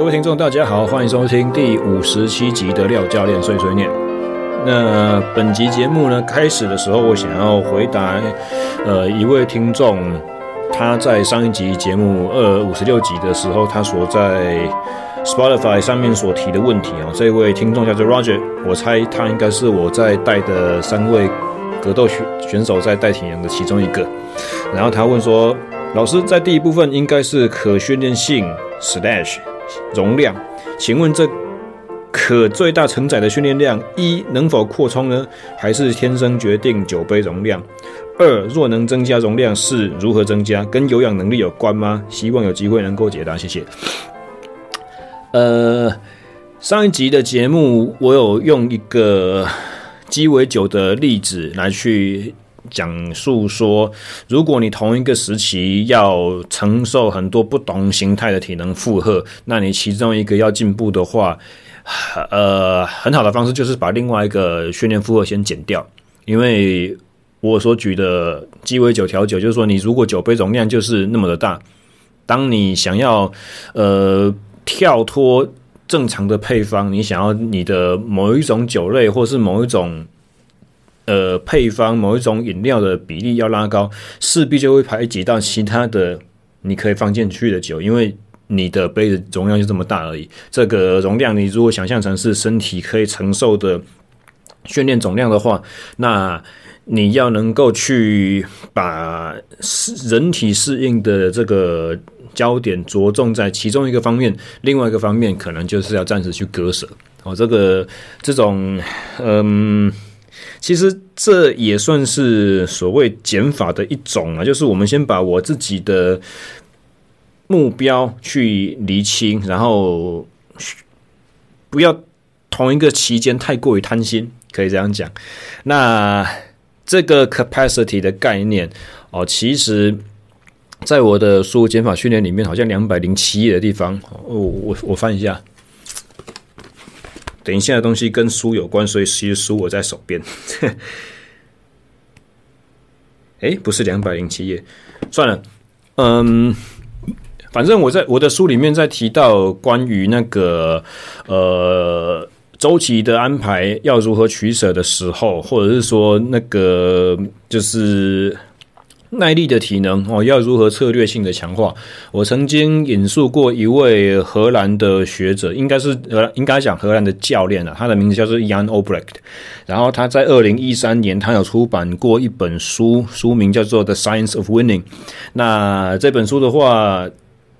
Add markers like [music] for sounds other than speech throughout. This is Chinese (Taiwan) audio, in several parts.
各位聽眾，大家好，歡迎收聽第五十七集的廖教練碎碎念。那本集節目呢，開始的時候我想要回答呃一位聽眾，他在上一集節目二五十六集的時候，他所在 Spotify 上面所提的問題啊、哦，這位聽眾叫做 Roger，我猜他應該是我在帶的三位格鬥選選手在帶體能的其中一個。然後他問說，老師在第一部分應該是可訓練性 Slash。容量，請問這可最大承載的訓練量一，能否擴充呢？還是天生決定酒杯容量？二，若能增加容量，是如何增加？跟有氧能力有關嗎？希望有機會能夠解答，謝謝。呃，上一集的節目我有用一個雞尾酒的例子來去。講述說，如果你同一個時期要承受很多不同形態的體能負荷，那你其中一個要進步的話，呃，很好的方式就是把另外一個訓練負荷先減掉。因為我所舉的雞尾酒調酒，就是說你如果酒杯容量就是那麼的大，當你想要呃跳脫正常的配方，你想要你的某一種酒類或是某一種。呃，配方某一種飲料的比例要拉高，勢必就會排擠到其他的你可以放進去的酒，因為你的杯子容量就這麼大而已。這個容量，你如果想象成是身體可以承受的訓練總量的話，那你要能夠去把人體適應的這個焦點着重在其中一個方面，另外一個方面可能就是要暫時去割捨哦。這個這種，嗯。其實這也算是所謂減法的一種啊，就是我們先把我自己的目標去釐清，然後不要同一個期間太過於貪心，可以這樣講。那這個 capacity 的概念哦，其實在我的書減法訓練裡面，好像兩百零七頁的地方，哦、我我我翻一下。等一下，的東西跟書有關，所以其實書我在手邊。哎，不是兩百零七頁，算了，嗯，反正我在我的書裡面，在提到關於那個呃週期的安排要如何取捨的時候，或者是說那個就是。耐力的體能哦，要如何策略性的強化？我曾經引述過一位荷蘭的學者，應該是呃，應該講荷蘭的教練啊，他的名字叫做 Jan Olbrecht，然後他在二零一三年，他有出版過一本書，書名叫做《The Science of Winning》。那這本書的話。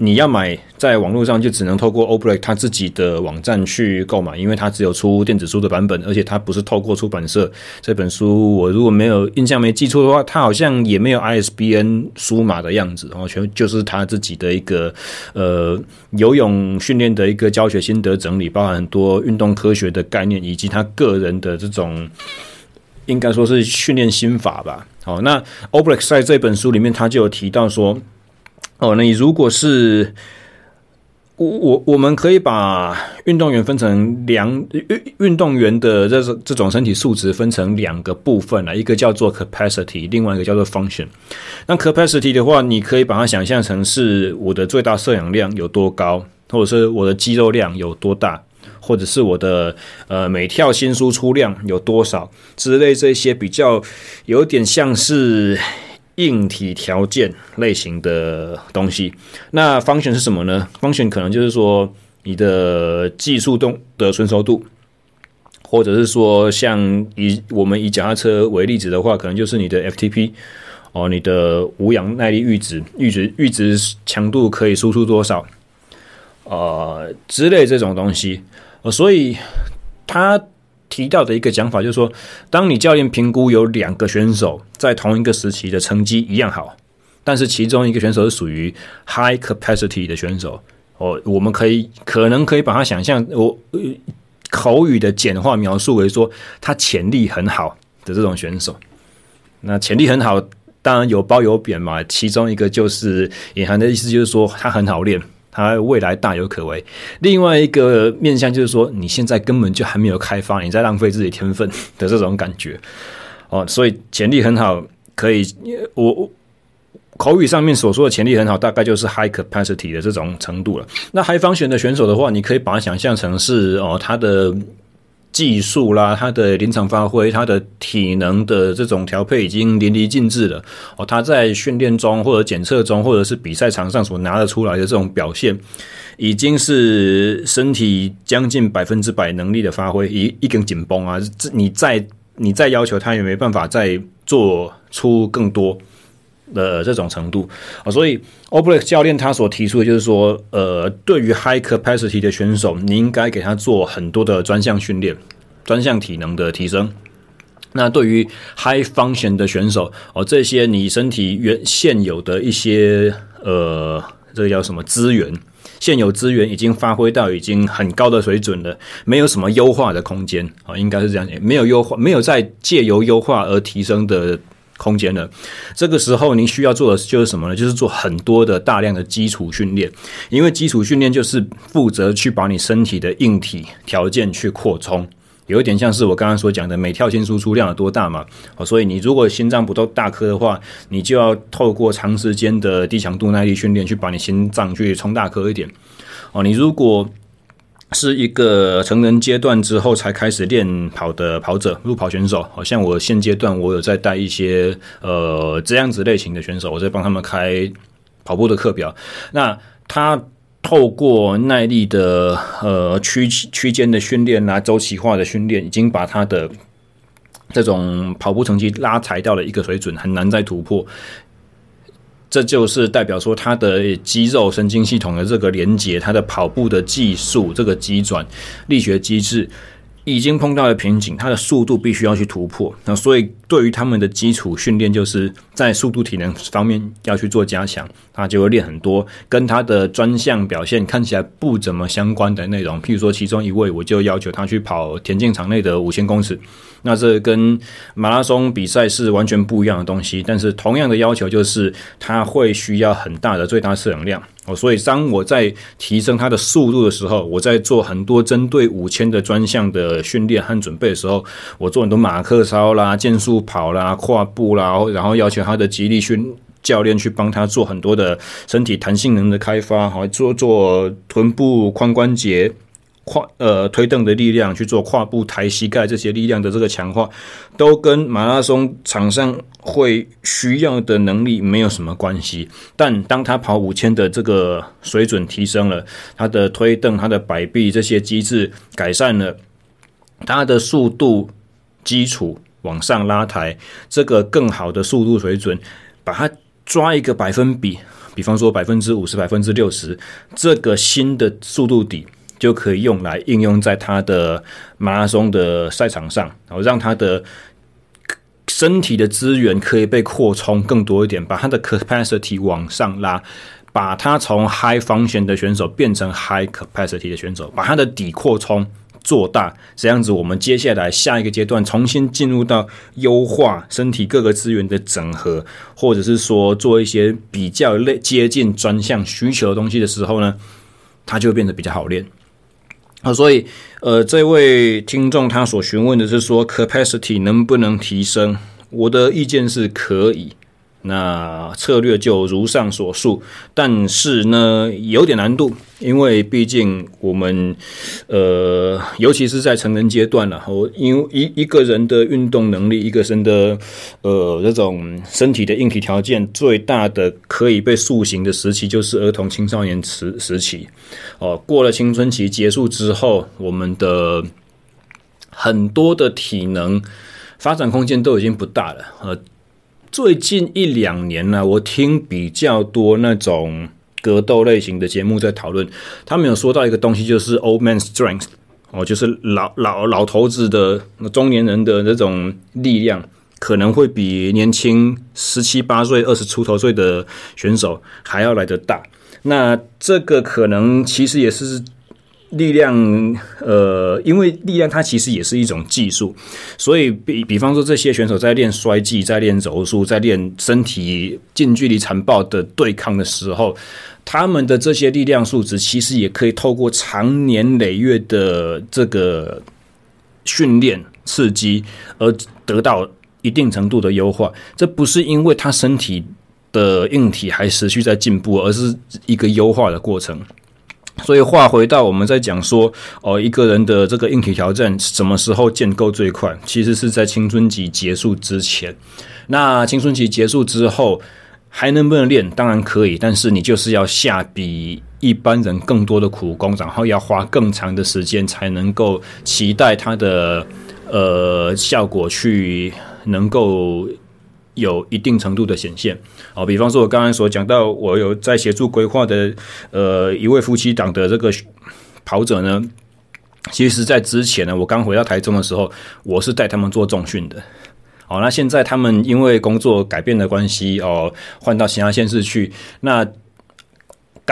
你要買，在網絡上就只能透過 Olbrecht 他自己的網站去購買，因為他只有出電子書的版本，而且他不是透過出版社。這本書我如果沒有印象沒記錯的話，他好像也沒有 ISBN 書碼的樣子，然後全就是他自己的一個呃游泳訓練的一個教學心得整理，包含很多運動科學的概念，以及他個人的這種應該說是訓練心法吧。好，那 Olbrecht 在這本書裡面，他就有提到說。哦，那你如果是，我我我們可以把運動員分成兩運運動員的這這種身體素質分成兩個部分了，一個叫做 capacity，另外一個叫做 function。那 capacity 的話，你可以把它想象成是我的最大攝氧量有多高，或者是我的肌肉量有多大，或者是我的呃每跳心輸出量有多少之類，這些比較有點像是。硬體條件類型的東西，那 function 是什麼呢？function 可能就是說你的技術動的成熟度，或者是說像以我們以腳踏車為例子的話，可能就是你的 FTP 哦，你的無氧耐力閾值、閾值、閾值強度可以輸出多少，呃，之類這種東西，呃，所以它。提到的一個講法就是說，當你教練評估有兩個選手在同一個時期的成績一樣好，但是其中一個選手是屬於 high capacity 的選手，哦，我們可以可能可以把它想象，我、呃、口語的簡化描述為說，他潛力很好的這種選手。那潛力很好，當然有褒有貶嘛。其中一個就是隱含的意思就是說，他很好練。他未來大有可為。另外一個面向就是說，你現在根本就還沒有開發，你在浪費自己天分的這種感覺。哦，所以潛力很好，可以，我我口語上面所說的潛力很好，大概就是 High Capacity 的這種程度了。那 High 方選的選手的話，你可以把它想象成是哦他的。技術啦，他的臨場發揮，他的體能的這種調配已經淋漓盡致了。哦，他在訓練中或者檢測中，或者是比賽場上所拿得出來的這種表現，已經是身體將近百分之百能力的發揮。一一根緊繃啊，這你再你再要求他也沒辦法再做出更多。的、呃、這種程度啊、哦，所以 O'Brien 教練他所提出的就是說，呃，對於 High Capacity 的選手，你應該給他做很多的專項訓練、專項體能的提升。那對於 High Function 的選手，哦，這些你身體原現有的一些呃，這個叫什麼資源，現有資源已經發揮到已經很高的水準了，沒有什麼優化的空間啊、哦，應該是這樣沒有優化，沒有在借由優化而提升的。空間了，這個時候您需要做的就是什麼呢？就是做很多的大量的基礎訓練，因為基礎訓練就是負責去把你身體的硬體條件去擴充，有一點像是我剛剛所講的每跳心輸出量有多大嘛。哦，所以你如果心臟不夠大顆的話，你就要透過長時間的低強度耐力訓練去把你心臟去衝大顆一點。哦，你如果是一個成人階段之後才開始練跑的跑者、路跑選手，好像我現階段我有在帶一些呃這樣子類型的選手，我在幫他們開跑步的課表。那他透過耐力的呃區區間的訓練啊，週期化的訓練，已經把他的這種跑步成績拉抬到了一個水準，很難再突破。這就是代表說，他的肌肉神經系統的這個連接，他的跑步的技術，這個機轉，力學機製已經碰到了瓶頸，他的速度必須要去突破。那所以，對於他們的基礎訓練，就是在速度體能方面要去做加強，他就會練很多跟他的專項表現看起來不怎麼相關的內容。譬如說，其中一位我就要求他去跑田徑場內的五千公尺，那這跟馬拉松比賽是完全不一樣的東西。但是，同樣的要求就是，他會需要很大的最大攝氧量。所以，當我在提升他的速度的時候，我在做很多針對五千的專項的訓練和準備的時候，我做很多馬克操啦、箭速跑啦、跨步啦，然後要求他的肌力訓教練去幫他做很多的身體彈性能的開發，好，做做臀部、髖關節。跨呃推蹬的力量去做跨步抬膝蓋，這些力量的這個強化，都跟馬拉松場上會需要的能力沒有什麼關係。但當他跑五千的這個水準提升了，他的推蹬、他的擺臂這些機制改善了，他的速度基礎往上拉抬，這個更好的速度水準，把它抓一個百分比，比方說百分之五十、百分之六十，這個新的速度底。就可以用來應用在他的馬拉松的賽場上，然後讓他的身體的資源可以被擴充更多一點，把他的 capacity 往上拉，把他從 high function 的選手變成 high capacity 的選手，把他的底擴充做大。這樣子，我們接下來下一個階段重新進入到優化身體各個資源的整合，或者是說做一些比較類接近專項需求的東西的時候呢，它就會變得比較好練。啊，所以，呃，這位聽眾他所詢問的是說，capacity 能不能提升？我的意見是可以。那策略就如上所述，但是呢，有點難度，因為畢竟我們呃尤其是在成人階段了、啊，我因為一一個人的運動能力，一個人的呃這種身體的硬體條件最大的可以被塑形的時期，就是兒童青少年時時期，哦、呃、過了青春期結束之後，我們的很多的體能發展空間都已經不大了，呃。最近一兩年呢、啊，我聽比較多那種格鬥類型的節目在討論，他們有說到一個東西，就是 old man's strength，哦，就是老老老頭子的、中年人的那種力量，可能會比年輕十七八歲、二十出頭歲的選手還要來得大。那這個可能其實也是。力量，呃，因為力量它其實也是一種技術，所以比比方說這些選手在練摔技、在練柔術、在練身體近距離殘暴的對抗的時候，他們的這些力量數值其實也可以透過長年累月的這個訓練刺激而得到一定程度的優化。這不是因為他身體的硬體還持續在進步，而是一個優化的過程。所以話回到，我們在講說，哦，一個人的這個硬體條件什麼時候建構最快？其實是在青春期結束之前。那青春期結束之後，還能不能練？當然可以，但是你就是要下比一般人更多的苦功，然後要花更長的時間，才能夠期待它的呃效果去能夠。有一定程度的顯現，哦，比方說，我剛剛所講到，我有在協助規劃的，呃，一位夫妻檔的這個跑者呢，其實，在之前呢，我剛回到台中的時候，我是帶他們做重訓的，哦，那現在他們因為工作改變的關係，哦，換到其他縣市去，那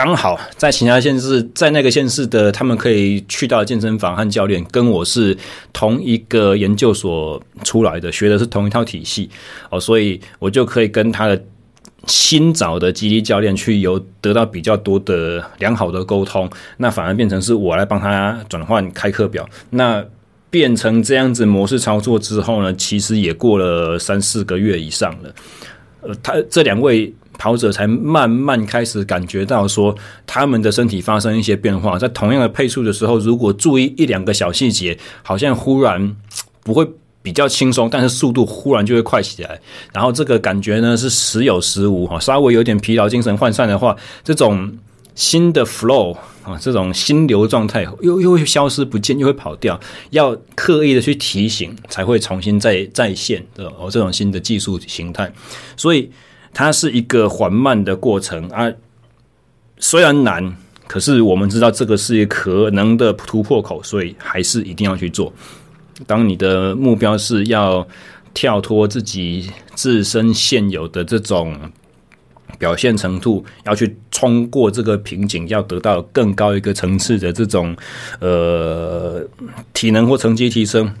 剛好在其他縣市，在那個縣市的，他們可以去到健身房和教練，跟我是同一個研究所出來的，學的是同一套體系哦，所以我就可以跟他的新找的肌力教練去有得到比較多的良好的溝通，那反而變成是我來幫他轉換開課表，那變成這樣子模式操作之後呢，其實也過了三四個月以上了，呃，他這兩位，跑者才慢慢開始感覺到，說他們的身體發生一些變化。在同樣的配速的時候，如果注意一兩個小細節，好像忽然不會比較輕鬆，但是速度忽然就會快起來。然後這個感覺呢是時有時無哈，稍微有點疲勞、精神渙散的話，這種新的 flow 啊，這種心流狀態又又會消失不見，又會跑掉。要刻意的去提醒，才會重新再再現的、哦。這種新的技術形態，所以它是一個緩慢的過程啊，雖然難，可是我們知道這個是可能的突破口，所以還是一定要去做。當你的目標是要跳脫自己自身現有的這種表現程度，要去衝過這個瓶頸，要得到更高一個層次的這種呃，體能或成績提升。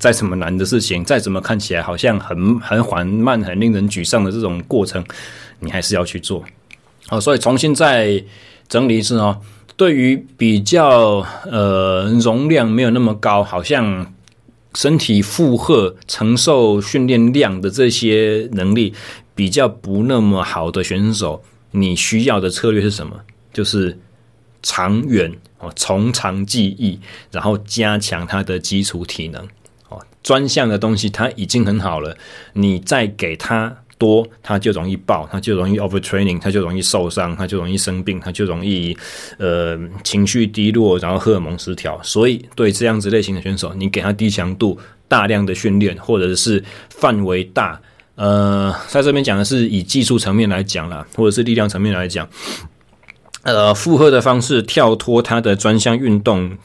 再怎麼難的事情，再怎麼看起來好像很很緩慢、很令人沮喪的這種過程，你還是要去做哦。所以重新再整理一次哦。對於比較呃容量沒有那麼高，好像身體負荷承受訓練量的這些能力比較不那麼好的選手，你需要的策略是什麼？就是長遠哦，從長計議，然後加強他的基礎體能。專項的東西它已經很好了，你再給他多，他就容易爆，他就容易 overtraining，他就容易受傷，他就容易生病，他就容易呃情緒低落，然後荷爾蒙失調。所以對這樣子類型的選手，你給他低強度、大量的訓練，或者是範圍大，呃，在這邊講的是以技術層面來講啦，或者是力量層面來講，呃，負荷的方式跳脫他的專項運動。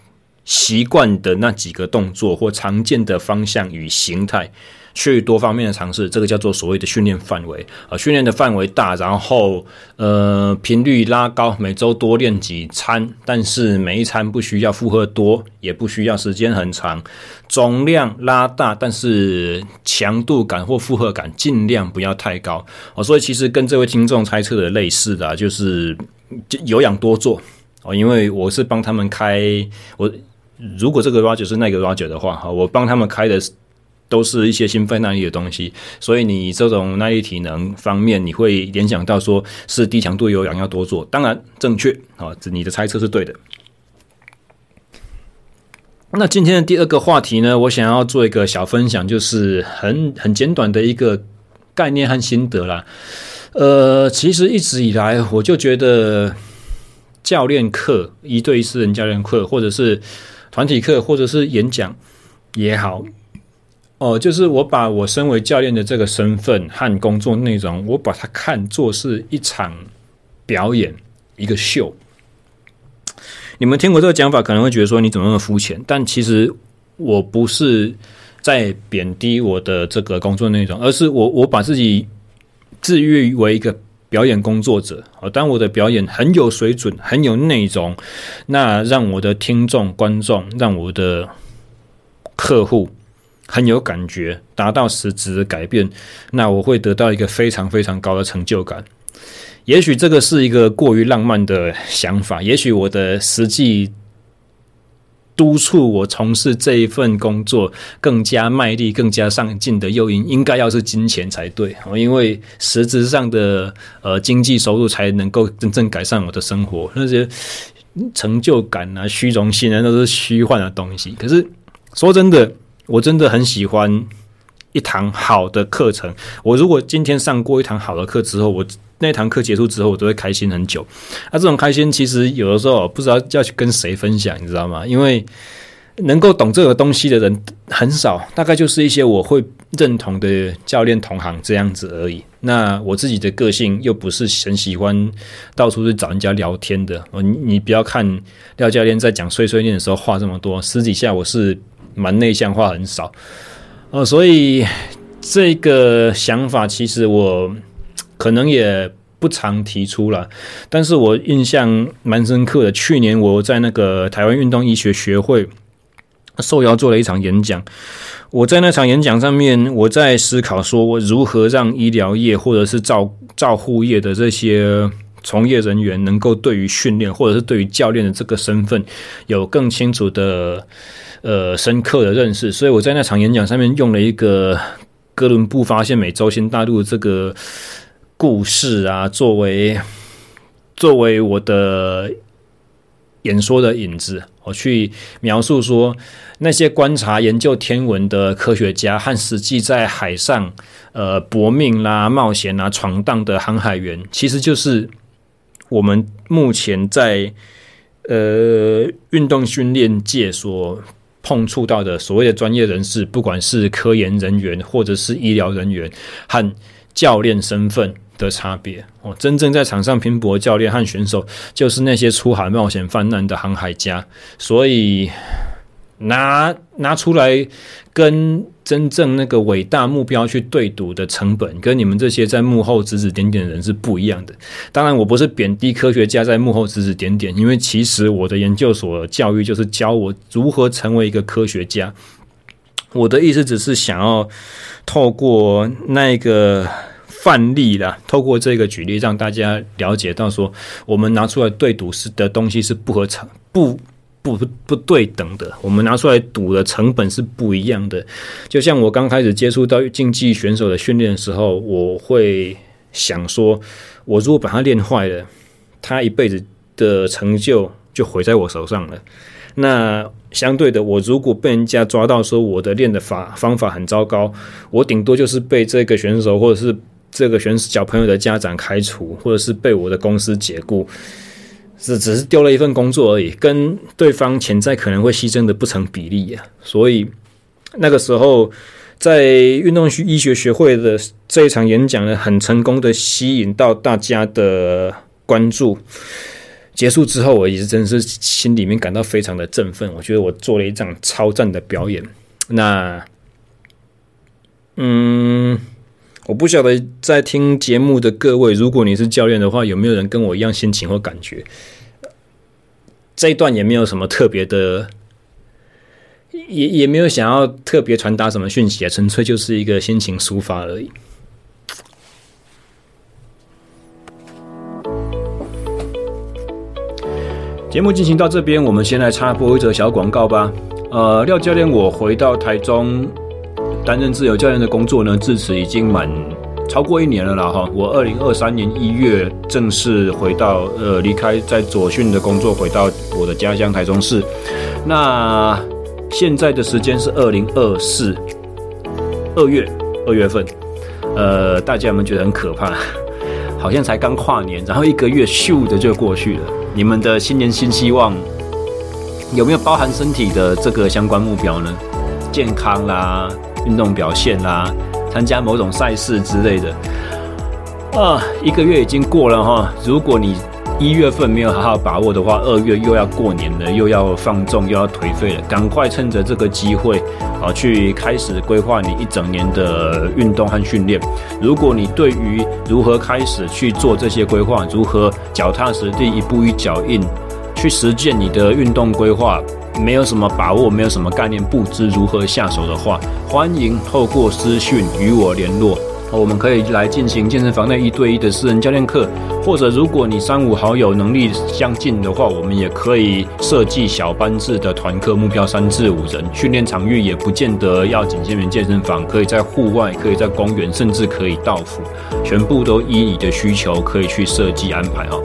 習慣的那幾個動作或常見的方向與形態，去多方面的嘗試，這個叫做所謂的訓練範圍啊。呃、訓練的範圍大，然後呃頻率拉高，每周多練幾餐，但是每一餐不需要負荷多，也不需要時間很長，總量拉大，但是強度感或負荷感盡量不要太高。哦，所以其實跟這位聽眾猜測的類似的、啊，就是有氧多做哦，因為我是幫他們開我。如果這個 Roger 是那個 Roger 的話，我幫他們開的都是一些心肺耐力的東西，所以你這種耐力體能方面，你會聯想到說是低強度有氧要多做，當然正確，啊，你的猜測是對的。那今天的第二個話題呢，我想要做一個小分享，就是很很簡短的一個概念和心得啦。呃，其實一直以來我就覺得教練課一對一私人教練課或者是團體課或者是演講也好，哦，就是我把我身為教練的這個身份和工作內容，我把它看作是一場表演，一個秀。你們聽我這個講法，可能會覺得說你怎麼那麼膚淺？但其實我不是在貶低我的這個工作內容，而是我我把自己自喻為一個。表演工作者，當我的表演很有水準、很有內容，那讓我的聽眾、觀眾、讓我的客戶很有感覺，達到實質的改變，那我會得到一個非常非常高的成就感。也許這個是一個過於浪漫的想法，也許我的實際。督促我從事這一份工作更加賣力、更加上進的誘因，應該要是金錢才對，因為實質上的呃經濟收入才能夠真正改善我的生活。那些成就感啊、虛榮心啊，都是虛幻的東西。可是說真的，我真的很喜歡一堂好的課程。我如果今天上過一堂好的課之後，我。那堂課結束之後，我都會開心很久。那、啊、這種開心，其實有的時候不知道要去跟誰分享，你知道嗎？因為能夠懂這個東西的人很少，大概就是一些我會認同的教練同行這樣子而已。那我自己的個性又不是很喜歡到處去找人家聊天的。你你不要看廖教練在講碎碎念的時候話這麼多，私底下我是蠻內向，話很少。哦、呃，所以這個想法其實我。可能也不常提出來，但是我印象蠻深刻的。去年我在那個台灣運動醫學學會受邀做了一場演講。我在那場演講上面，我在思考說，我如何讓醫療業或者是照照護業的這些從業人員，能夠對於訓練或者是對於教練的這個身份有更清楚的、呃，深刻的認識。所以我在那場演講上面用了一個哥倫布發現美洲新大陸這個。故事啊，作為作為我的演說的影子，我去描述說，那些觀察研究天文的科學家和實際在海上呃搏命啦、啊、冒險啦、啊、闖蕩的航海員，其實就是我們目前在呃運動訓練界所碰觸到的所謂的專業人士，不管是科研人員或者是醫療人員和教練身份。的差別哦，真正在場上拼搏，教練和選手就是那些出海冒險犯難的航海家。所以拿拿出來跟真正那個偉大目標去對賭的成本，跟你們這些在幕後指指點點的人是不一樣的。當然，我不是貶低科學家在幕後指指點點，因為其實我的研究所教育就是教我如何成為一個科學家。我的意思只是想要透過那個。範例啦，透過這個舉例讓大家了解到說我們拿出來對賭是的東西是不合常、不不不，不對等的。我們拿出來賭的成本是不一樣的。就像我剛開始接觸到競技選手的訓練的時候，我會想說，我如果把他練壞了，他一輩子的成就就毀在我手上了。那相對的，我如果被人家抓到說我的練的法方法很糟糕，我頂多就是被這個選手或者是。這個選手小朋友的家長開除，或者是被我的公司解雇，只只是丟了一份工作而已，跟對方潛在可能會犧牲的不成比例啊。所以那個時候，在運動醫學學會的這一場演講呢，很成功的吸引到大家的關注。結束之後，我也是真是心裡面感到非常的振奮，我覺得我做了一場超讚的表演。那，嗯。我不曉得在聽節目的各位，如果你是教練的話，有沒有人跟我一樣心情或感覺？這一段也沒有什麼特別的，也也沒有想要特別傳達什麼訊息啊，純粹就是一個心情抒發而已。節目進行到這邊，我們先來插播一則小廣告吧。呃，廖教練，我回到台中。擔任自由教練的工作呢，至此已經滿超過一年了啦。哈，我二零二三年一月正式回到呃離開在左訓的工作，回到我的家鄉台中市。那現在的時間是二零二四二月二月份，呃，大家有沒有覺得很可怕？好像才剛跨年，然後一個月咻的就過去了。你們的新年新希望有沒有包含身體的這個相關目標呢？健康啦。運動表現啦、啊，參加某種賽事之類的，啊，一個月已經過了哈。如果你一月份沒有好好把握的話，二月又要過年了，又要放縱，又要頹廢了。趕快趁着這個機會，啊，去開始規劃你一整年的運動和訓練。如果你對於如何開始去做這些規劃，如何腳踏實地，一步一腳印。去實踐你的運動規劃，沒有什麼把握，沒有什麼概念，不知如何下手的話，歡迎透過私訊與我聯絡。我們可以來進行健身房內一對一的私人教練課，或者如果你三五好友能力相近的話，我們也可以設計小班制的團課，目標三至五人。訓練場域也不見得要僅限於健身房，可以在戶外，可以在公園，甚至可以到府，全部都依你的需求可以去設計安排哈。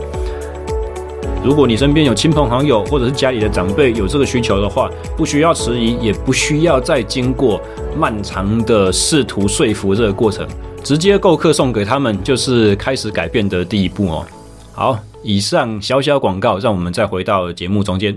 如果你身邊有親朋好友，或者是家裡的長輩有這個需求的話，不需要遲疑，也不需要再經過漫長的試圖說服這個過程，直接購課送給他們，就是開始改變的第一步哦。好，以上小小廣告，讓我們再回到節目中間。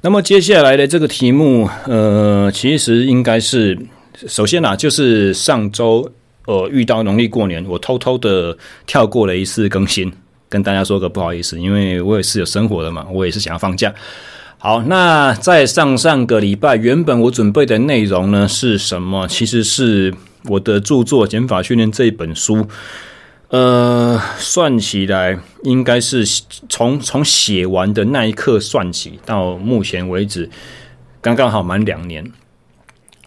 那麼接下來的這個題目，呃，其實應該是首先呢、啊，就是上週。我遇到農曆過年，我偷偷的跳過了一次更新，跟大家說個不好意思，因為我也是有生活的嘛，我也是想要放假。好，那在上上個禮拜，原本我準備的內容呢，是什麼？其實是我的著作《減法訓練》這一本書。呃，算起來應該是從從寫完的那一刻算起，到目前為止，剛剛好滿兩年。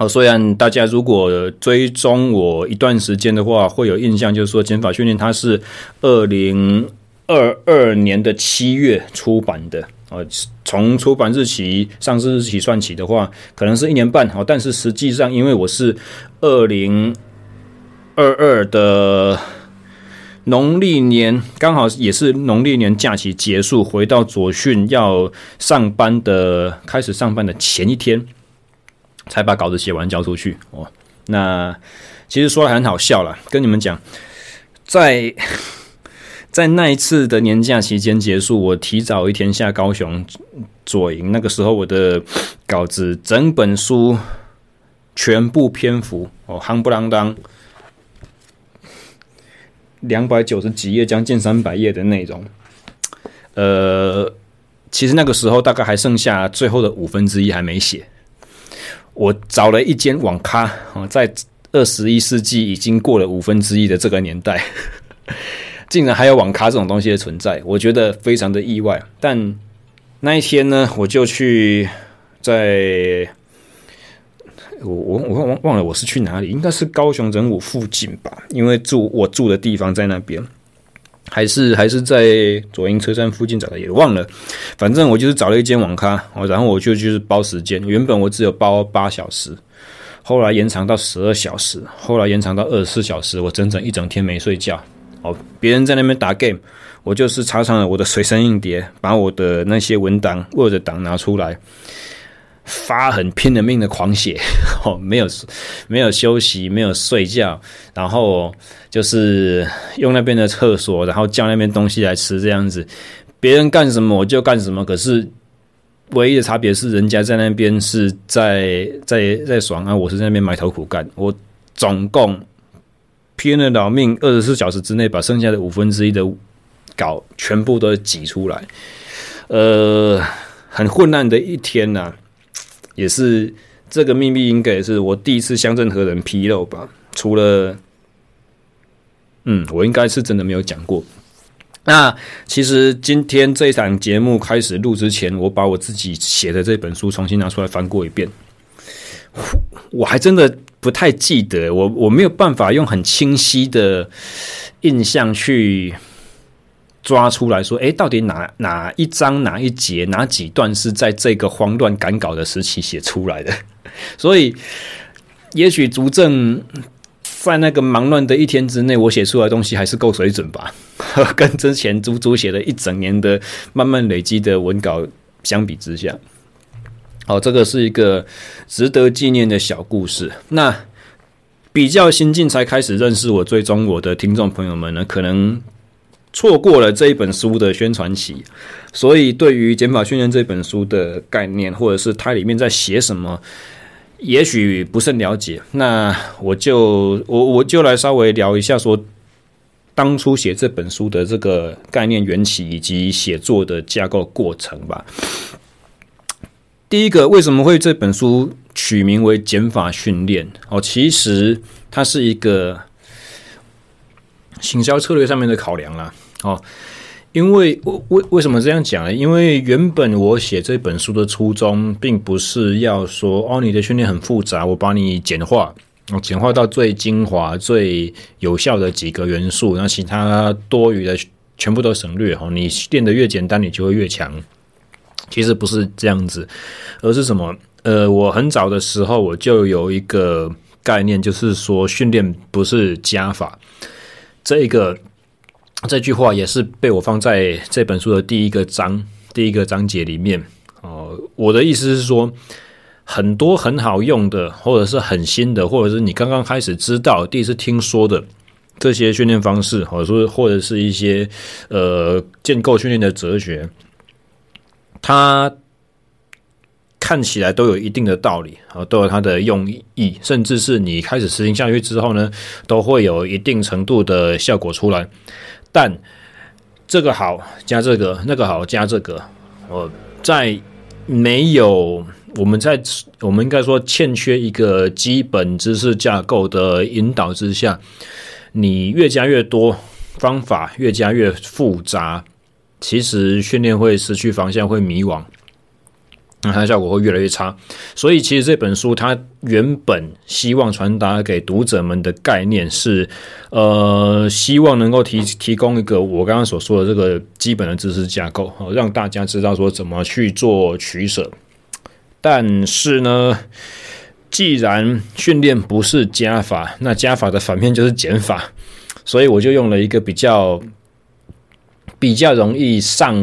哦、雖然大家如果追蹤我一段時間的話，會有印象，就是說減法訓練它是二零二二年的七月出版的。啊、哦，從出版日期、上市日期算起的話，可能是一年半。哦，但是實際上，因為我是二零二二的農曆年，剛好也是農曆年假期結束，回到左訓要上班的開始上班的前一天。才把稿子寫完交出去哦。那其實說來很好笑了，跟你們講，在在那一次的年假期間結束，我提早一天下高雄左營。那個時候，我的稿子整本書全部篇幅哦，夯不啷噹兩百九十幾頁，將近三百頁的內容。呃，其實那個時候大概還剩下最後的五分之一還沒寫。我找了一間網咖，哦，在二十一世紀已經過了五分之一的這個年代，竟然還有網咖這種東西的存在，我覺得非常的意外。但那一天呢，我就去在，我我我忘了我是去哪裡，應該是高雄仁武附近吧，因為住我住的地方在那邊。還是還是在左營車站附近找的，也忘了。反正我就是找了一間網咖哦，然後我就就是包時間。原本我只有包八小時，後來延長到十二小時，後來延長到二十四小時。我整整一整天沒睡覺哦，別人在那邊打 game，我就是插上了我的隨身硬碟，把我的那些文檔、Word 檔拿出來。發狠拼了命的狂寫，哦，沒有，沒有休息，沒有睡覺，然後就是用那邊的廁所，然後叫那邊東西來吃，這樣子，別人幹什麼我就幹什麼。可是唯一的差別是，人家在那邊是在在在爽啊，我是在那邊埋頭苦幹。我總共拼了老命，二十四小時之內把剩下的五分之一的稿全部都擠出來。呃，很混亂的一天吶啊。也是這個秘密，應該也是我第一次向任何人披露吧。除了，嗯，我應該是真的沒有講過。那其實今天這場節目開始錄之前，我把我自己寫的這本書重新拿出來翻過一遍，我還真的不太記得，我我沒有辦法用很清晰的印象去。抓出來說：“哎，到底哪哪一章、哪一節、哪幾段是在這個慌亂趕稿的時期寫出來的？所以，也許足證在那個忙亂的一天之內，我寫出來的東西還是夠水準吧？跟之前足足寫了一整年的慢慢累積的文稿相比之下，好，哦，這個是一個值得紀念的小故事。那比較新近才開始認識我、最終我的聽眾朋友們呢，可能。”錯過了這一本書的宣傳期，所以對於《減法訓練》這本書的概念，或者是它裡面在寫什麼，也許不甚了解。那我就我我就來稍微聊一下說，說當初寫這本書的這個概念緣起，以及寫作的架構過程吧。第一個，為什麼會這本書取名為《減法訓練》？哦，其實它是一個。行銷策略上面的考量了、啊，哦，因為為為什麼這樣講呢？因為原本我寫這本書的初衷，並不是要說哦，你的訓練很複雜，我幫你簡化，簡化到最精華、最有效的幾個元素，那其他多餘的全部都省略。哦，你練得越簡單，你就會越強。其實不是這樣子，而是什麼？呃，我很早的時候我就有一個概念，就是說，訓練不是加法。這個這句話也是被我放在這本書的第一個章，第一個章節裡面哦、呃。我的意思是說，很多很好用的，或者是很新的，或者是你剛剛開始知道、第一次聽說的這些訓練方式，或者說或者是一些呃建構訓練的哲學，它。看起來都有一定的道理啊，都有它的用意，甚至是你開始實行下去之後呢，都會有一定程度的效果出來。但這個好加這個，那個好加這個，我、呃、在沒有我們在我們應該說欠缺一個基本知識架構的引導之下，你越加越多，方法越加越複雜，其實訓練會失去方向，會迷惘。那、嗯、它效果會越來越差，所以其實這本書它原本希望傳達給讀者們的概念是，呃，希望能夠提提供一個我剛剛所說的這個基本的知識架構，哦，讓大家知道說怎麼去做取捨。但是呢，既然訓練不是加法，那加法的反面就是減法，所以我就用了一個比較比較容易上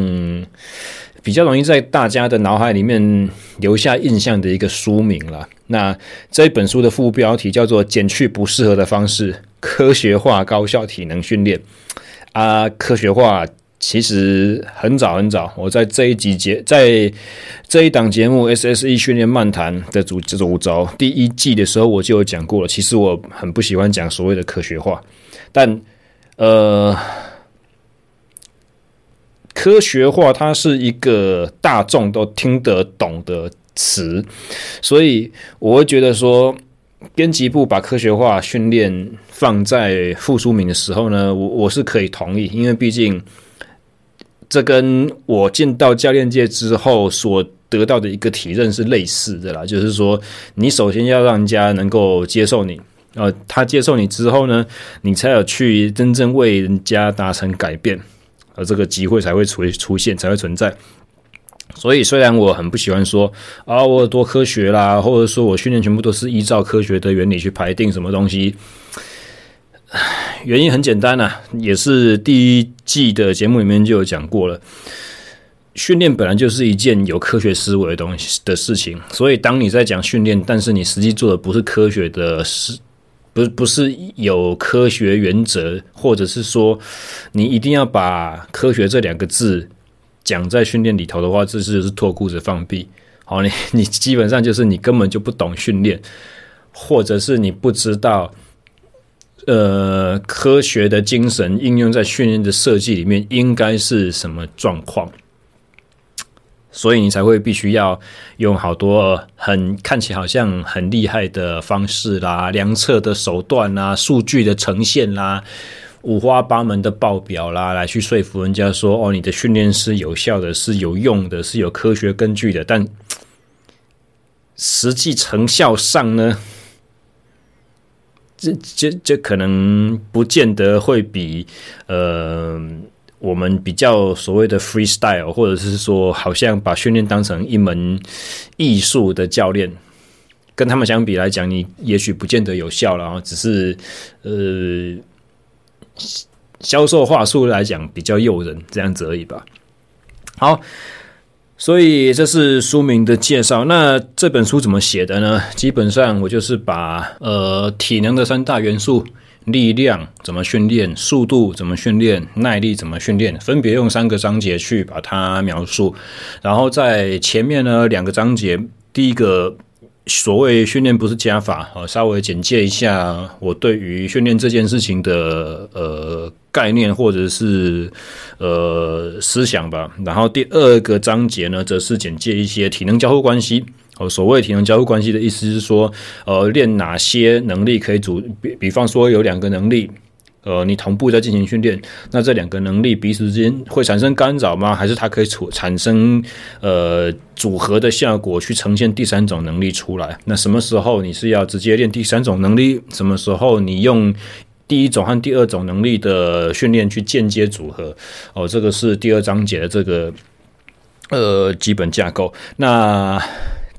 比較容易在大家的腦海裡面留下印象的一個書名了。那這一本書的副標題叫做“減去不適合的方式，科學化高效體能訓練”。啊，科學化其實很早很早，我在這一集節，在這一檔節目《SSE 訓練漫談》的主這招、就是、第一季的時候，我就有講過了。其實我很不喜歡講所謂的科學化，但呃。科學化，它是一個大眾都聽得懂的詞，所以我會覺得說，編輯部把科學化訓練放在副書名的時候呢，我我是可以同意，因為畢竟這跟我進到教練界之後所得到的一個體認是類似的啦，就是說，你首先要讓人家能夠接受你，呃，他接受你之後呢，你才有去真正為人家達成改變。這個機會才會出出現，才會存在。所以，雖然我很不喜歡說啊，我有多科學啦，或者說我訓練全部都是依照科學的原理去排定什麼東西。原因很簡單啊，也是第一季的節目裡面就有講過了。訓練本來就是一件有科學思維的東西的事情，所以當你在講訓練，但是你實際做的不是科學的事。不不是有科學原則，或者是說，你一定要把“科學”這兩個字講在訓練裡頭的話，這就是脫褲子放屁。好、哦，你你基本上就是你根本就不懂訓練，或者是你不知道，呃，科學的精神應用在訓練的設計裡面應該是什麼狀況。所以你才會必須要用好多很看起來好像很厲害的方式啦、量測的手段啦、數據的呈現啦、五花八門的報表啦，來去說服人家說哦，你的訓練是有效的、是有用的、是有科學根據的。但實際成效上呢，這這這可能不見得會比呃。我們比較所謂的 freestyle，或者是說，好像把訓練當成一門藝術的教練，跟他們相比來講，你也許不見得有效了啊。只是呃，銷售話術來講比較誘人，這樣子而已吧。好，所以這是書名的介紹。那這本書怎麼寫的呢？基本上我就是把呃體能的三大元素，力量怎麼訓練？速度怎麼訓練？耐力怎麼訓練？分別用三個章節去把它描述。然後在前面呢，兩個章節，第一個所謂訓練不是加法，我稍微簡介一下我對於訓練這件事情的呃概念或者是呃思想吧。然後第二個章節呢，則是簡介一些體能交互關係。所謂體能交互關係的意思是說，呃，練哪些能力可以組，比，比方說，有兩個能力，呃，你同步在進行訓練，那這兩個能力彼此之間會產生干擾嗎？還是它可以產生呃組合的效果，去呈現第三種能力出來？那什麼時候你是要直接練第三種能力？什麼時候你用第一種和第二種能力的訓練去間接組合？哦、呃，這個是第二章節的這個呃基本架構。那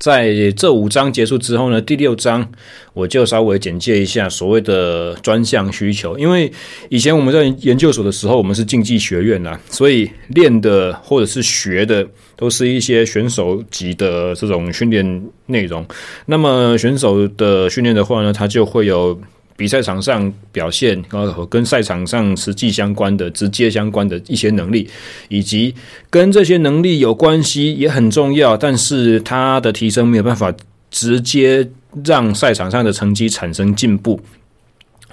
在這五章結束之後呢，第六章我就稍微簡介一下所謂的專項需求。因為以前我們在研究所的時候，我們是競技學院啊，所以練的或者是學的都是一些選手級的這種訓練內容。那麼選手的訓練的話呢，它就會有。比賽場上表現，哦、跟賽場上實際相關的、直接相關的一些能力，以及跟這些能力有關係也很重要，但是它的提升沒有辦法直接讓賽場上的成績產生進步。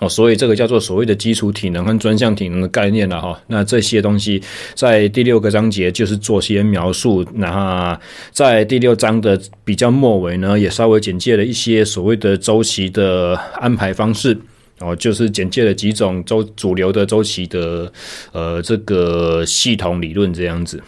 哦，所以這個叫做所謂的基礎體能跟專項體能的概念了啊哈。那這些東西在第六個章節就是做些描述，那在第六章的比較末尾呢，也稍微簡介了一些所謂的周期的安排方式，哦，就是簡介了幾種周主流的周期的呃這個系統理論這樣子。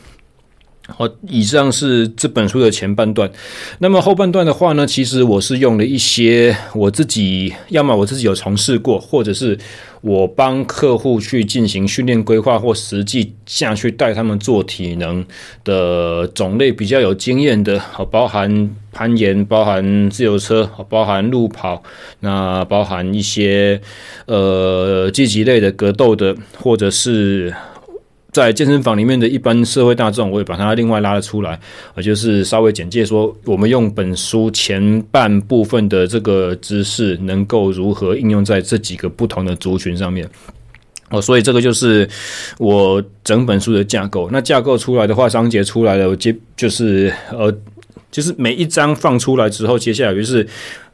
好，以上是這本書的前半段。那麼後半段的話呢，其實我是用了一些我自己，要麼我自己有從事過，或者是我幫客戶去進行訓練規劃或實際下去帶他們做體能的種類比較有經驗的，包含攀岩，包含自由車，包含路跑，那包含一些呃積極類的格鬥的，或者是。在健身房裡面的一般社會大眾，我也把它另外拉了出來，呃，就是稍微簡介說，我們用本書前半部分的這個知識，能夠如何應用在這幾個不同的族群上面。哦，呃，所以這個就是我整本書的架構。那架構出來的話，章節出來了，我接就是呃，就是每一章放出來之後，接下來就是。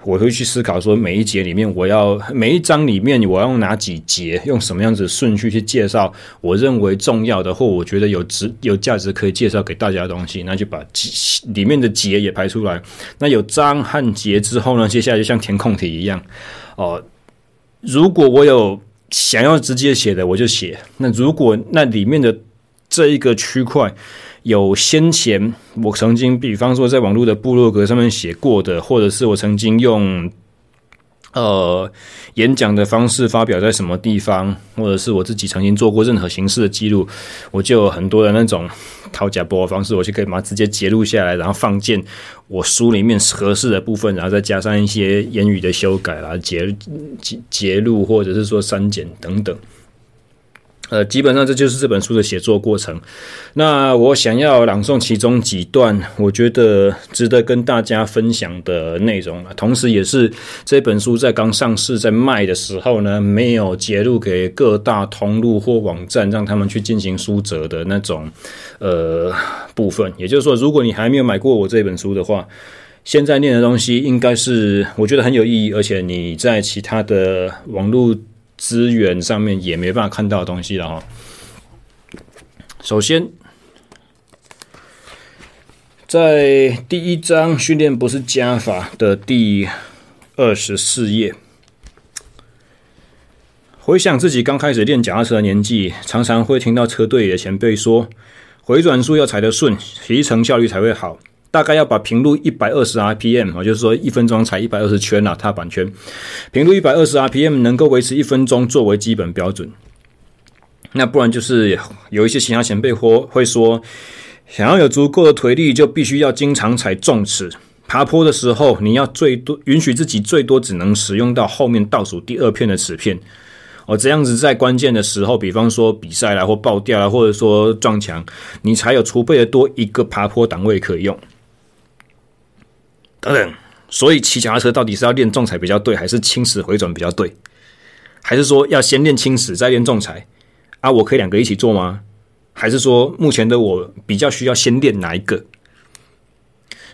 我會去思考說，每一節裡面我要，每一章裡面我要用哪幾節，用什麼樣子的順序去介紹我認為重要的，或我覺得有值有價值可以介紹給大家的東西，那就把裡面的節也排出來。那有章和節之後呢，接下來就像填空題一樣哦、呃。如果我有想要直接寫的，我就寫。那如果那裡面的這一個區塊。有先前我曾經，比方說在網絡的部落格上面寫過的，或者是我曾經用，呃，演講的方式發表在什麼地方，或者是我自己曾經做過任何形式的記錄，我就有很多的那種偷吃步的方式，我就可以把它直接截錄下來，然後放進我書裡面合適的部分，然後再加上一些言語的修改啦、截截截錄或者是說刪減等等。呃，基本上這就是這本書的寫作過程。那我想要朗誦其中幾段，我覺得值得跟大家分享的內容。同時也是這本書在剛上市、在賣的時候呢，沒有揭露給各大通路或網站，讓他們去進行書折的那種呃部分。也就是說，如果你還沒有買過我這本書的話，現在念的東西應該是我覺得很有意義，而且你在其他的網絡。資源上面也沒辦法看到的東西了哈。首先，在第一章訓練不是加法的第二十四頁，回想自己剛開始練腳踏車的年紀，常常會聽到車隊裡的前輩說：“回轉速要踩得順，騎乘效率才會好。”大概要把平路一百二十 RPM，我就是說一分鐘才一百二十圈了，啊，踏板圈。平路一百二十 RPM 能夠維持一分鐘作為基本標準。那不然就是有一些其他前輩或會說，想要有足夠的腿力，就必須要經常踩重尺。爬坡的時候，你要最多允許自己最多只能使用到後面倒數第二片的齒片。哦，這樣子在關鍵的時候，比方說比賽啦或爆掉啦，或者說撞牆，你才有儲備的多一個爬坡檔位可以用。嗯，okay. 所以騎腳踏車到底是要練重踩比較對，還是輕齒迴轉比較對，還是說要先練輕齒再練重踩啊？我可以兩個一起做嗎？還是說目前的我比較需要先練哪一個？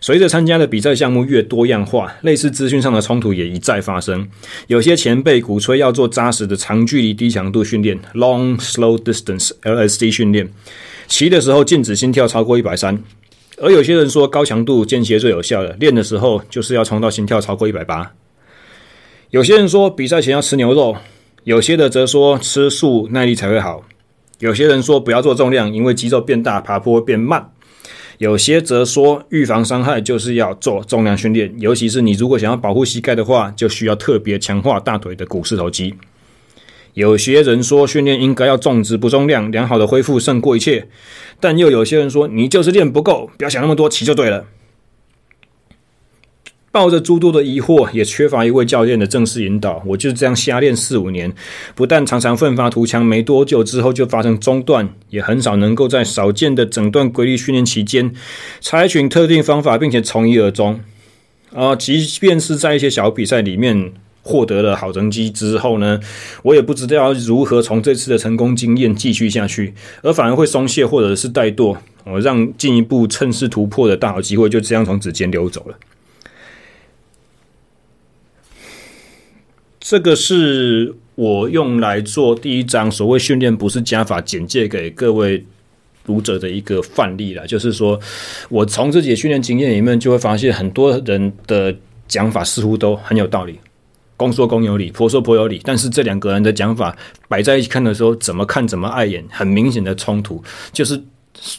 隨着參加的比賽項目越多樣化，類似資訊上的衝突也一再發生。有些前輩鼓吹要做扎實的長距離低強度訓練 （long slow distance, LSD） 訓練，騎的時候禁止心跳超過一百三。而有些人說高強度間歇最有效的，練的時候就是要衝到心跳超過一百八。有些人說比賽前要吃牛肉，有些的則說吃素耐力才會好。有些人說不要做重量，因為肌肉變大，爬坡變慢。有些則說預防傷害就是要做重量訓練，尤其是你如果想要保護膝蓋的話，就需要特別強化大腿的股四頭肌。有些人說訓練應該要重質不重量，良好的恢復勝過一切，但又有些人說你就是練不夠，不要想那麼多，騎就對了。抱着諸多的疑惑，也缺乏一位教練的正式引導，我就是這樣瞎練四五年，不但常常奮發圖強，沒多久之後就發生中斷，也很少能夠在少見的整段規律訓練期間採取特定方法，並且從一而終。啊、呃，即便是在一些小比賽裡面。獲得了好成績之後呢，我也不知道如何從這次的成功經驗繼續下去，而反而會鬆懈或者是怠惰，我讓進一步趁勢突破的大好機會就這樣從指尖流走了。這個是我用來做第一章所謂訓練不是加法簡介給各位讀者的一個範例啦，就是說，我從自己的訓練經驗裡面就會發現，很多人的講法似乎都很有道理。公說公有理，婆說婆有理。但是這兩個人的講法擺在一起看的時候，怎麼看怎麼礙眼，很明顯的衝突，就是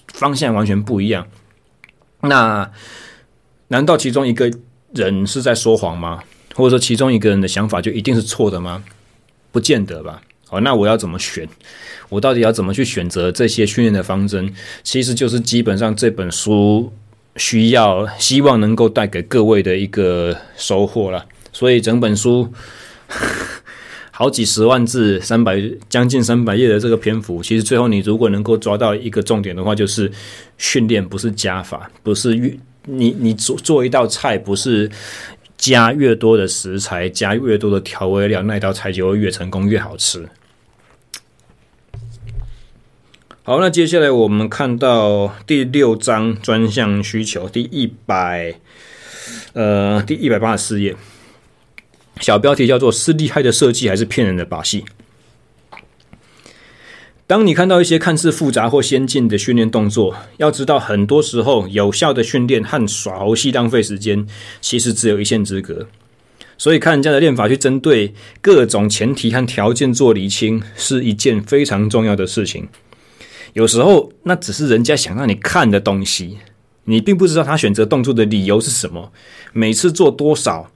方向完全不一樣。那難道其中一個人是在說謊嗎？或者說其中一個人的想法就一定是錯的嗎？不見得吧。哦，那我要怎麼選？我到底要怎麼去選擇這些訓練的方針？其實就是基本上這本書需要希望能夠帶給各位的一個收穫了。所以整本書，好幾十萬字，三百將近三百頁的這個篇幅，其實最後你如果能夠抓到一個重點的話，就是訓練不是加法，不是越你你做做一道菜，不是加越多的食材，加越多的調味料，那一道菜就會越成功越好吃。好，那接下來我們看到第六章專項需求，第一百呃第一百八十四頁。小標題叫做“是厲害的設計還是騙人的把戲”。當你看到一些看似複雜或先進的訓練動作，要知道很多時候有效的訓練和耍猴戲浪費時間，其實只有一線之隔。所以看人家的練法，去針對各種前提和條件做釐清，是一件非常重要的事情。有時候那只是人家想讓你看的東西，你並不知道他選擇動作的理由是什麼，每次做多少。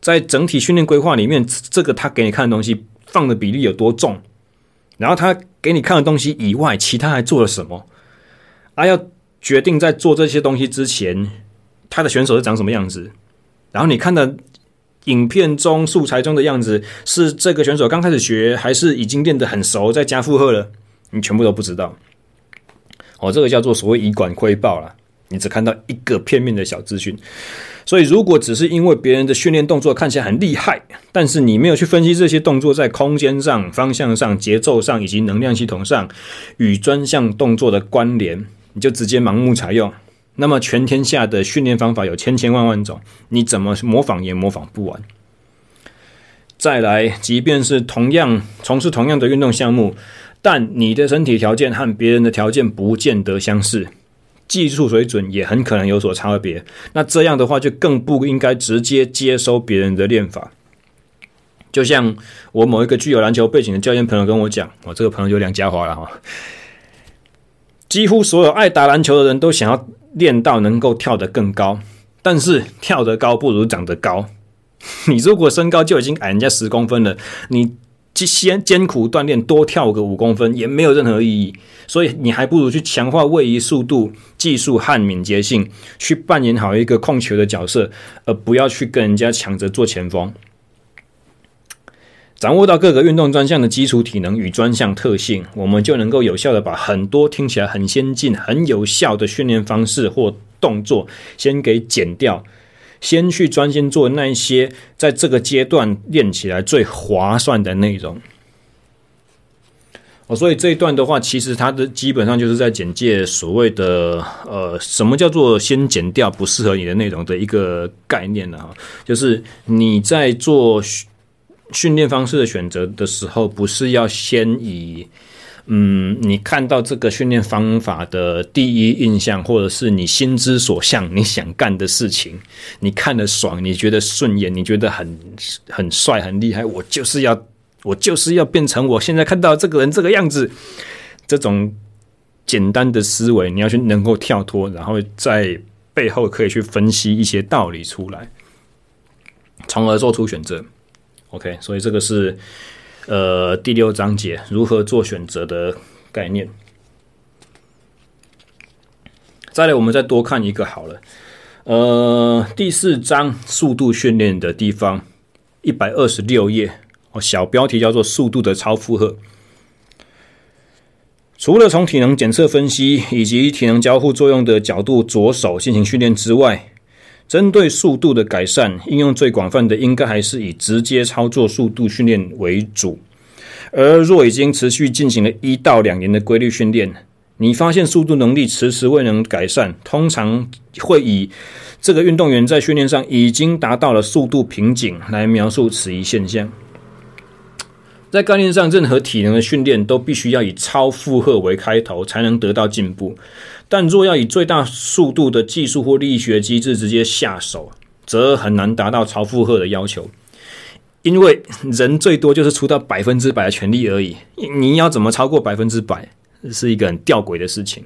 在整體訓練規劃裡面，這個他給你看的東西放的比例有多重？然後他給你看的東西以外，其他還做了什麼？啊，要決定在做這些東西之前，他的選手是長什麼樣子？然後你看的影片中素材中的樣子，是這個選手剛開始學，還是已經練得很熟，再加負荷了？你全部都不知道。哦，這個叫做所謂以管窺豹啦，你只看到一個片面的小資訊。所以，如果只是因為別人的訓練動作看起來很厲害，但是你沒有去分析這些動作在空間上、方向上、節奏上以及能量系統上與專項動作的關聯，你就直接盲目採用。那麼全天下的訓練方法有千千萬萬種，你怎麼模仿也模仿不完。再來，即便是同樣，從事同樣的運動項目，但你的身體條件和別人的條件不見得相似。技術水準也很可能有所差別，那這樣的話就更不應該直接接收別人的練法。就像我某一個具有籃球背景的教練朋友跟我講，我這個朋友就梁家華了哈。幾乎所有愛打籃球的人都想要練到能夠跳得更高，但是跳得高不如長得高。 [laughs] 你如果身高就已經矮人家十公分了，你。去先艱苦鍛鍊，多跳個五公分也沒有任何意義。所以你還不如去強化位移速度、技術和敏捷性，去扮演好一個控球的角色，而不要去跟人家搶着做前鋒。掌握到各個運動專項的基礎體能與專項特性，我們就能夠有效的把很多聽起來很先進、很有效的訓練方式或動作先給減掉。先去專心做那一些在這個階段練起來最划算的內容。所以這一段的話，其實它的基本上就是在簡介所謂的呃，什麼叫做先減掉不適合你的內容的一個概念了，就是你在做訓練方式的選擇的時候，不是要先以。嗯，你看到這個訓練方法的第一印象，或者是你心之所向，你想幹的事情，你看得爽，你覺得順眼，你覺得很很帥、很厲害，我就是要，我就是要變成我現在看到這個人這個樣子。這種簡單的思維，你要去能夠跳脫，然後在背後可以去分析一些道理出來，從而做出選擇。OK，所以這個是。呃，第六章節如何做選擇的概念。再來，我們再多看一個好了。呃，第四章速度訓練的地方，一百二十六頁，哦，小標題叫做“速度的超負荷”。除了從體能檢測分析以及體能交互作用的角度着手進行訓練之外，針對速度的改善，應用最廣泛的應該還是以直接操作速度訓練為主。而若已經持續進行了一到兩年的規律訓練，你發現速度能力遲遲未能改善，通常會以這個運動員在訓練上已經達到了速度瓶頸來描述此一現象。在概念上，任何體能的訓練都必須要以超負荷為開頭，才能得到進步。但若要以最大速度的技術或力學機制直接下手，則很難達到超負荷的要求，因為人最多就是出到百分之百的全力而已。你要怎麼超過百分之百，是一個很吊詭的事情。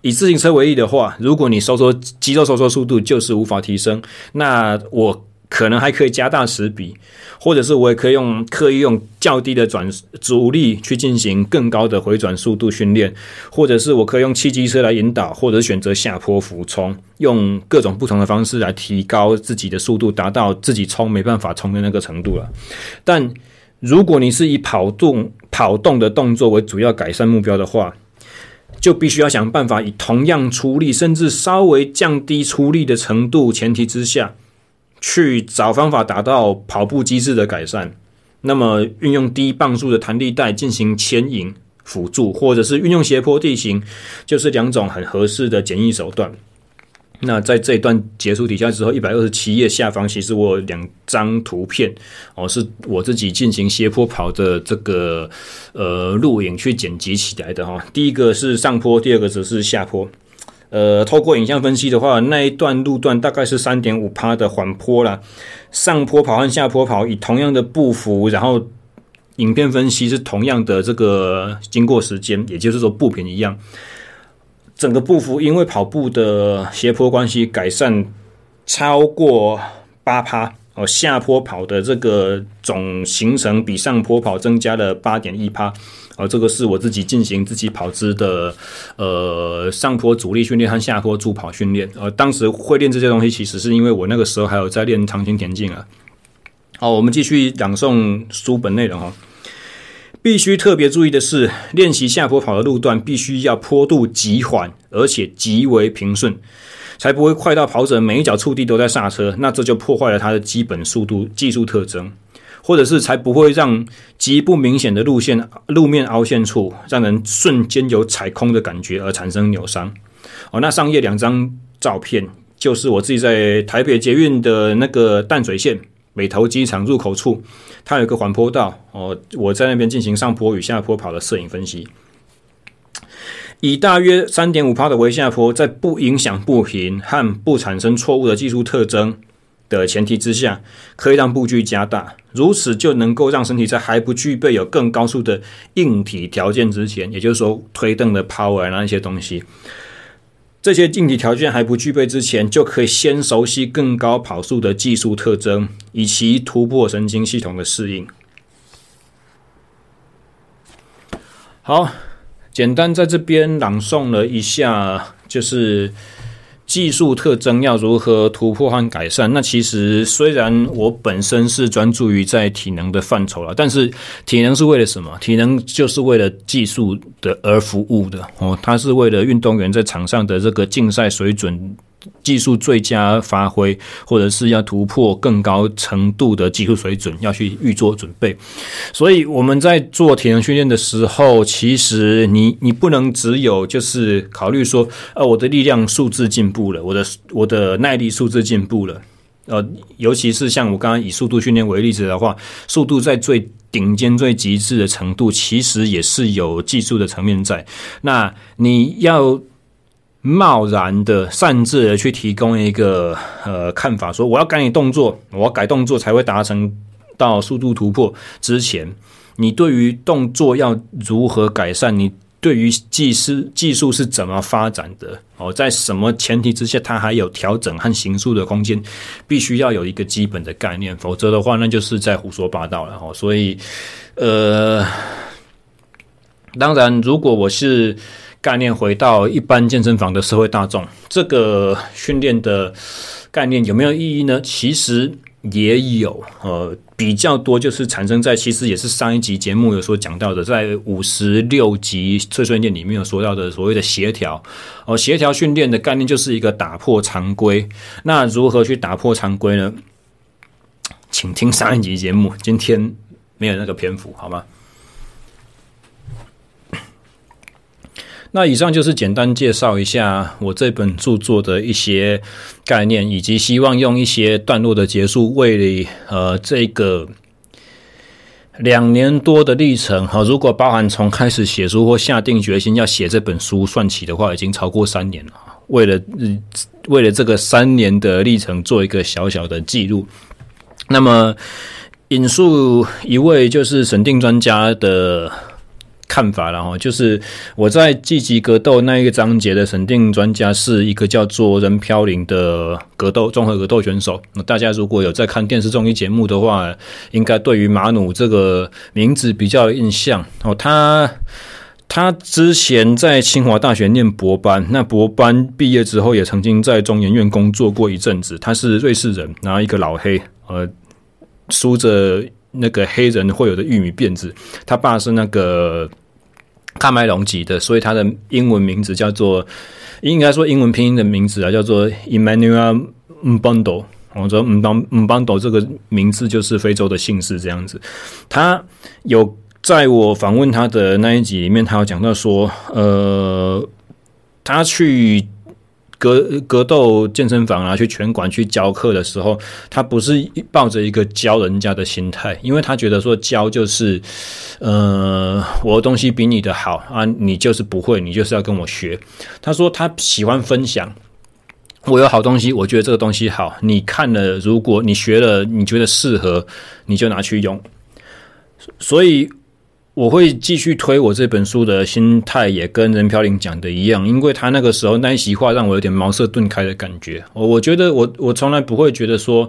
以自行車為例的話，如果你收縮肌肉收縮速度就是無法提升，那我。可能還可以加大齒比，或者是我也可以用刻意用較低的轉阻力去進行更高的回轉速度訓練，或者是我可以用汽機車來引導，或者選擇下坡俯衝，用各種不同的方式來提高自己的速度，達到自己衝沒辦法衝的那個程度了。但如果你是以跑動跑動的動作為主要改善目標的話，就必須要想辦法以同樣出力，甚至稍微降低出力的程度前提之下。去找方法達到跑步機制的改善，那麼運用低磅數的彈力帶進行牽引輔助，或者是運用斜坡地形，就是兩種很合適的簡易手段。那在這一段結束底下之後，一百二十七頁下方，其實我有兩張圖片哦，是我自己進行斜坡跑的這個呃錄影去剪輯起來的哈、哦。第一個是上坡，第二個則是下坡。呃，透過影像分析的話，那一段路段大概是三點五趴的緩坡啦。上坡跑和下坡跑以同樣的步幅，然後影片分析是同樣的這個經過時間，也就是說步頻一樣。整個步幅因為跑步的斜坡關係改善超過八趴。哦，下坡跑的這個總行程比上坡跑增加了八點一趴。哦，這個是我自己進行自己跑姿的，呃，上坡阻力訓練和下坡助跑訓練，呃、哦，當時會練這些東西，其實是因為我那個時候還有在練長程田徑啊。好，我們繼續朗誦書本內容哈。必須特別注意的是，練習下坡跑的路段必須要坡度極緩，而且極為平順。才不會快到跑者每一腳觸地都在剎車，那這就破壞了它的基本速度技術特徵，或者是才不會讓極不明顯的路線路面凹陷處讓人瞬間有踩空的感覺而產生扭傷。哦，那上頁兩張照片就是我自己在台北捷運的那個淡水線北投機場入口處，它有一個緩坡道哦，我在那邊進行上坡與下坡跑的攝影分析。以大約三點五趴的微下坡，在不影響步頻和不產生錯誤的技術特徵的前提之下，可以讓步距加大，如此就能夠讓身體在還不具備有更高速的硬體條件之前，也就是說推蹬的 power 那些東西，這些硬體條件還不具備之前，就可以先熟悉更高跑速的技術特徵，以及突破神經系統的適應。好。簡單在這邊朗誦了一下，就是技術特徵要如何突破和改善。那其實雖然我本身是專注於在體能的範疇啦，但是體能是為了什麼？體能就是為了技術的而服務的哦，它是為了運動員在場上的這個競賽水準。技術最佳發揮，或者是要突破更高程度的技術水準，要去預做準備。所以我們在做體能訓練的時候，其實你你不能只有就是考慮說，呃，我的力量素質進步了，我的我的耐力素質進步了，呃，尤其是像我剛剛以速度訓練為例子的話，速度在最頂尖、最極致的程度，其實也是有技術的層面在。那你要。貿然的擅自而去提供一個呃，看法，說我要改你動作，我要改動作才會達成到速度突破之前，你對於動作要如何改善，你對於技師技術是怎麼發展的哦，在什麼前提之下，它還有調整和行速的空間，必須要有一個基本的概念，否則的話，那就是在胡說八道了哦。所以呃，當然，如果我是。概念回到一般健身房的社會大眾，這個訓練的概念有沒有意義呢？其實也有，呃，比較多就是產生在其實也是上一集節目有所講到的，在五十六集碎碎唸裡面有說到的所謂的協調哦、呃，協調訓練的概念就是一個打破常規，那如何去打破常規呢？請聽上一集節目，今天沒有那個篇幅，好嗎？那以上就是簡單介紹一下我這本著作的一些概念，以及希望用一些段落的結束，為了呃這個兩年多的歷程哈、啊，如果包含從開始寫書或下定決心要寫這本書算起的話，已經超過三年了。為了嗯，為了這個三年的歷程做一個小小的記錄，那麼引述一位就是審定專家的。看法了哈，就是我在積極格鬥那一個章節的審定專家是一個叫做任飄零的格鬥綜合格鬥選手。那大家如果有在看電視綜藝節目的話，應該對於馬努這個名字比較有印象哦。他他之前在清華大學念博班，那博班畢業之後也曾經在中研院工作過一陣子。他是瑞士人，然後一個老黑，呃，梳着。那個黑人會有的玉米辮子，他爸是那個喀麥隆籍的，所以他的英文名字叫做，應該說英文拼音的名字啊，叫做 Emmanuel Mbando。我說 Mbando，Mbando 這個名字就是非洲的姓氏這樣子。他有在我訪問他的那一集裡面，他有講到說，呃，他去。格格鬥健身房啊，去拳館去教課的時候，他不是抱着一個教人家的心態，因為他覺得說教就是，呃，我的東西比你的好啊，你就是不會，你就是要跟我學。他說他喜歡分享，我有好東西，我覺得這個東西好，你看了，如果你學了，你覺得適合，你就拿去用。所以。我會繼續推我這本書的心態也跟任飄零講的一樣，因為他那個時候那一席話讓我有點茅塞頓開的感覺。我我覺得我我從來不會覺得說，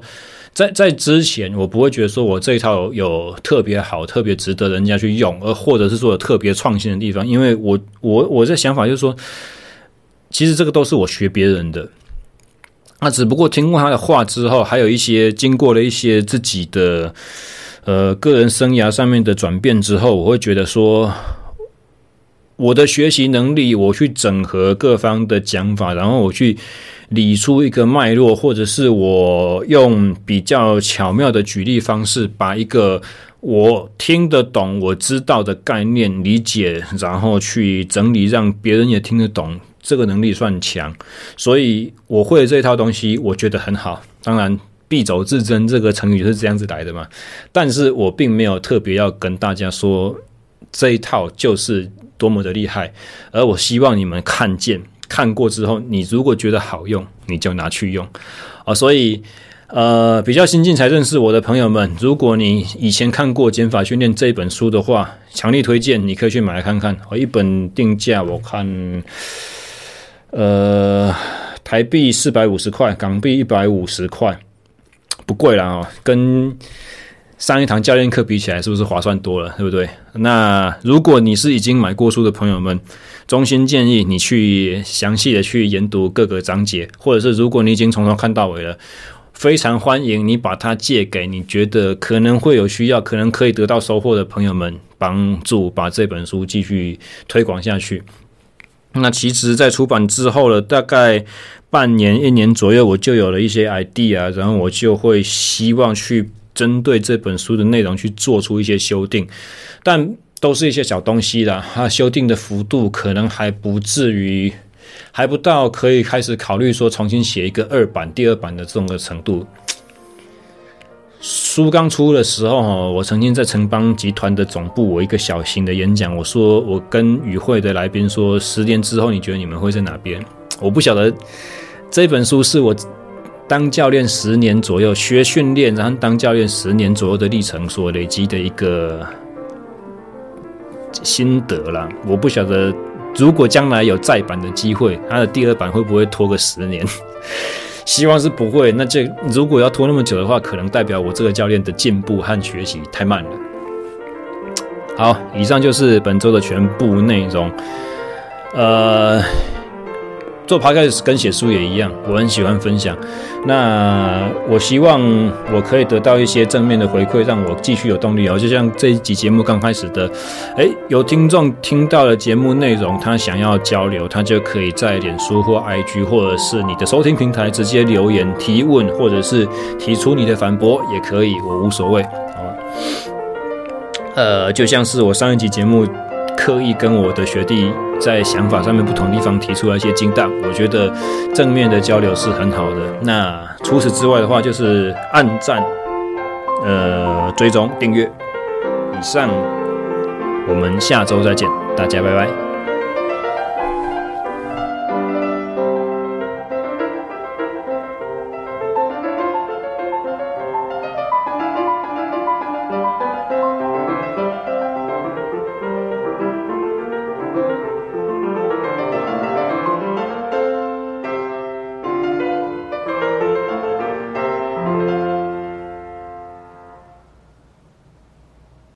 在在之前我不會覺得說我這一套有特別好，特別值得人家去用，而或者是說特別創新的地方。因為我我我的想法就是說，其實這個都是我學別人的，那、啊、只不過聽過他的話之後，還有一些經過了一些自己的。呃，個人生涯上面的轉變之後，我會覺得說，我的學習能力，我去整合各方的講法，然後我去理出一個脈絡，或者是我用比較巧妙的舉例方式，把一個我聽得懂、我知道的概念理解，然後去整理，讓別人也聽得懂，這個能力算強。所以我會這套東西，我覺得很好。當然。敝帚自珍，這個成語就是這樣子來的嘛？但是我並沒有特別要跟大家說，這一套就是多麼的厲害，而我希望你們看見看過之後，你如果覺得好用，你就拿去用啊、哦！所以呃，比較新進才認識我的朋友們，如果你以前看過《減法訓練》這一本書的話，強力推薦你可以去買來看看，我一本定價我看呃，台幣四百五十塊，港幣一百五十塊。不貴啦哦，跟上一堂教練課比起來，是不是划算多了？對不對？那如果你是已經買過書的朋友們，衷心建議你去詳細的去研讀各個章節，或者是如果你已經從頭看到尾了，非常歡迎你把它借給你覺得可能會有需要、可能可以得到收穫的朋友們，幫助把這本書繼續推廣下去。那其實，在出版之後了，大概半年、一年左右，我就有了一些 idea，然後我就會希望去針對這本書的內容去做出一些修訂，但都是一些小東西啦，它、啊、修訂的幅度可能還不至於，還不到可以開始考慮說重新寫一個二版、第二版的這種的程度。書剛出的時候，哈，我曾經在城邦集團的總部，我一個小型的演講，我說，我跟與會的來賓說，十年之後，你覺得你們會在哪邊？我不曉得，這本書是我當教練十年左右學訓練，然後當教練十年左右的歷程所累積的一個心得啦。我不曉得，如果將來有再版的機會，它的第二版會不會拖個十年？希望是不會，那這如果要拖那麼久的話，可能代表我這個教練的進步和學習太慢了。好，以上就是本周的全部內容。呃。做 podcast 跟寫書也一樣，我很喜歡分享。那我希望我可以得到一些正面的回饋，讓我繼續有動力。就像這一集節目剛開始的，誒有聽眾聽到了節目內容，他想要交流，他就可以在臉書或 IG 或者是你的收聽平台直接留言提問，或者是提出你的反駁也可以，我無所謂。好吧，呃，就像是我上一集節目。刻意跟我的學弟在想法上面不同地方提出了一些金蛋，我覺得正面的交流是很好的。那除此之外的話，就是按讚、呃追蹤、訂閱。以上，我們下周再見，大家拜拜。